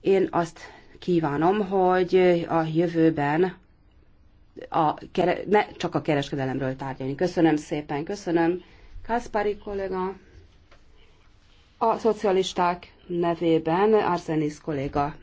Én azt kívánom, hogy a jövőben a kere, ne csak a kereskedelemről tárgyalni. Köszönöm szépen, köszönöm. Kaspari kollega, a szocialisták nevében Arsenis kolléga.